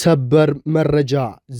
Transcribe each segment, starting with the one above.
ሰበር መረጃ።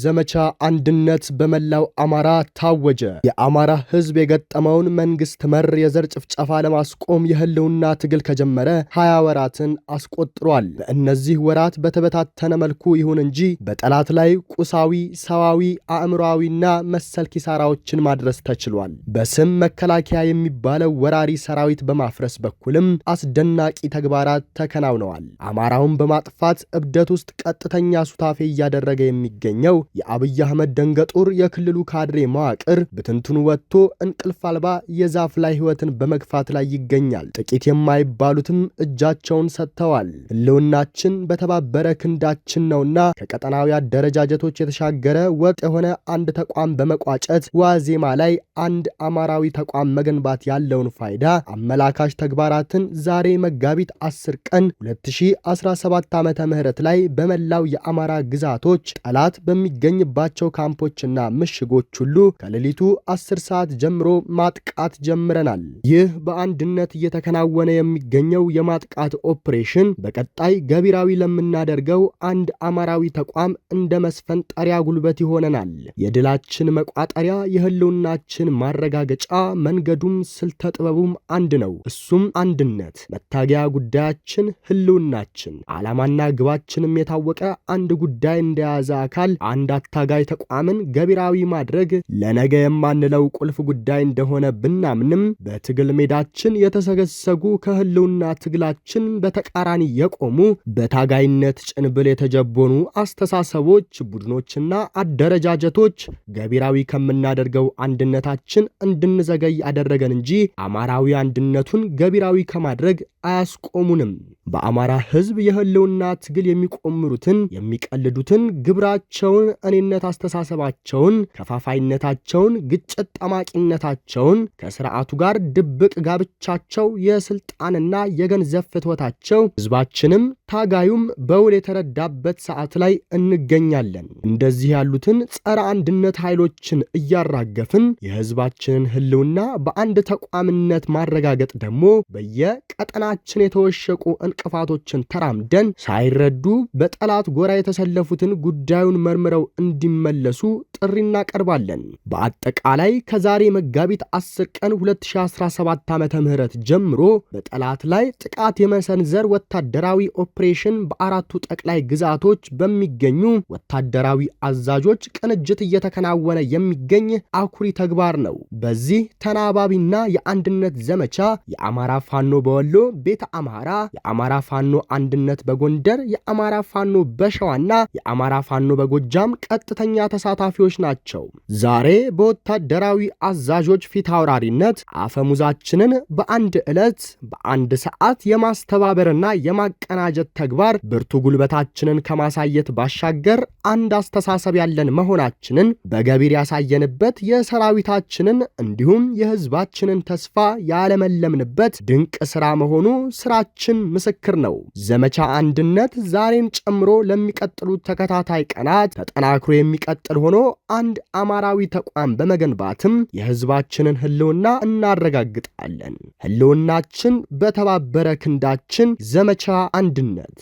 ዘመቻ አንድነት በመላው አማራ ታወጀ። የአማራ ሕዝብ የገጠመውን መንግስት መር የዘር ጭፍጨፋ ለማስቆም የህልውና ትግል ከጀመረ ሀያ ወራትን አስቆጥሯል። በእነዚህ ወራት በተበታተነ መልኩ ይሁን እንጂ በጠላት ላይ ቁሳዊ፣ ሰዋዊ፣ አእምሯዊና መሰል ኪሳራዎችን ማድረስ ተችሏል። በስም መከላከያ የሚባለው ወራሪ ሰራዊት በማፍረስ በኩልም አስደናቂ ተግባራት ተከናውነዋል። አማራውን በማጥፋት እብደት ውስጥ ቀጥተኛ ሱታ እንቅስቃሴ እያደረገ የሚገኘው የአብይ አህመድ ደንገጡር የክልሉ ካድሬ መዋቅር ብትንትኑ ወጥቶ እንቅልፍ አልባ የዛፍ ላይ ህይወትን በመግፋት ላይ ይገኛል። ጥቂት የማይባሉትም እጃቸውን ሰጥተዋል። ህልውናችን በተባበረ ክንዳችን ነውና ከቀጠናዊ አደረጃጀቶች የተሻገረ ወጥ የሆነ አንድ ተቋም በመቋጨት ዋዜማ ላይ አንድ አማራዊ ተቋም መገንባት ያለውን ፋይዳ አመላካሽ ተግባራትን ዛሬ መጋቢት 10 ቀን 2017 ም ላይ በመላው የአማራ ግዛቶች ጠላት በሚገኝባቸው ካምፖችና ምሽጎች ሁሉ ከሌሊቱ አስር ሰዓት ጀምሮ ማጥቃት ጀምረናል። ይህ በአንድነት እየተከናወነ የሚገኘው የማጥቃት ኦፕሬሽን በቀጣይ ገቢራዊ ለምናደርገው አንድ አማራዊ ተቋም እንደ መስፈንጠሪያ ጉልበት ይሆነናል። የድላችን መቋጠሪያ፣ የህልውናችን ማረጋገጫ፣ መንገዱም ስልተ ጥበቡም አንድ ነው። እሱም አንድነት መታገያ ጉዳያችን፣ ህልውናችን፣ ዓላማና ግባችንም የታወቀ አንድ ጉዳይ ጉዳይ እንደያዘ አካል አንድ አታጋይ ተቋምን ገቢራዊ ማድረግ ለነገ የማንለው ቁልፍ ጉዳይ እንደሆነ ብናምንም በትግል ሜዳችን የተሰገሰጉ ከህልውና ትግላችን በተቃራኒ የቆሙ በታጋይነት ጭንብል የተጀቦኑ አስተሳሰቦች፣ ቡድኖችና አደረጃጀቶች ገቢራዊ ከምናደርገው አንድነታችን እንድንዘገይ ያደረገን እንጂ አማራዊ አንድነቱን ገቢራዊ ከማድረግ አያስቆሙንም። በአማራ ህዝብ የህልውና ትግል የሚቆምሩትን የሚቀልዱትን፣ ግብራቸውን፣ እኔነት አስተሳሰባቸውን፣ ከፋፋይነታቸውን፣ ግጭት ጠማቂነታቸውን፣ ከስርዓቱ ጋር ድብቅ ጋብቻቸው፣ የስልጣንና የገንዘብ ፍትወታቸው ህዝባችንም ታጋዩም በውል የተረዳበት ሰዓት ላይ እንገኛለን። እንደዚህ ያሉትን ጸረ አንድነት ኃይሎችን እያራገፍን የህዝባችንን ህልውና በአንድ ተቋምነት ማረጋገጥ ደግሞ በየቀጠናችን የተወሸቁ እንቅፋቶችን ተራምደን ሳይረዱ በጠላት ጎራ የተሰለፉትን ጉዳዩን መርምረው እንዲመለሱ ጥሪ እናቀርባለን። በአጠቃላይ ከዛሬ መጋቢት 10 ቀን 2017 ዓ.ም ጀምሮ በጠላት ላይ ጥቃት የመሰንዘር ወታደራዊ ኦፕሬሽን በአራቱ ጠቅላይ ግዛቶች በሚገኙ ወታደራዊ አዛዦች ቅንጅት እየተከናወነ የሚገኝ አኩሪ ተግባር ነው። በዚህ ተናባቢና የአንድነት ዘመቻ የአማራ ፋኖ በወሎ ቤተ አማራ የአማራ ፋኖ አንድነት በጎንደር፣ የአማራ ፋኖ በሸዋና የአማራ ፋኖ በጎጃም ቀጥተኛ ተሳታፊዎች ናቸው። ዛሬ በወታደራዊ አዛዦች ፊት አውራሪነት አፈሙዛችንን በአንድ ዕለት በአንድ ሰዓት የማስተባበርና የማቀናጀት ተግባር ብርቱ ጉልበታችንን ከማሳየት ባሻገር አንድ አስተሳሰብ ያለን መሆናችንን በገቢር ያሳየንበት የሰራዊታችንን እንዲሁም የሕዝባችንን ተስፋ ያለመለምንበት ድንቅ ስራ መሆኑ ስራችን ምስ ምስክር ነው። ዘመቻ አንድነት ዛሬን ጨምሮ ለሚቀጥሉት ተከታታይ ቀናት ተጠናክሮ የሚቀጥል ሆኖ አንድ አማራዊ ተቋም በመገንባትም የህዝባችንን ህልውና እናረጋግጣለን። ህልውናችን በተባበረ ክንዳችን ዘመቻ አንድነት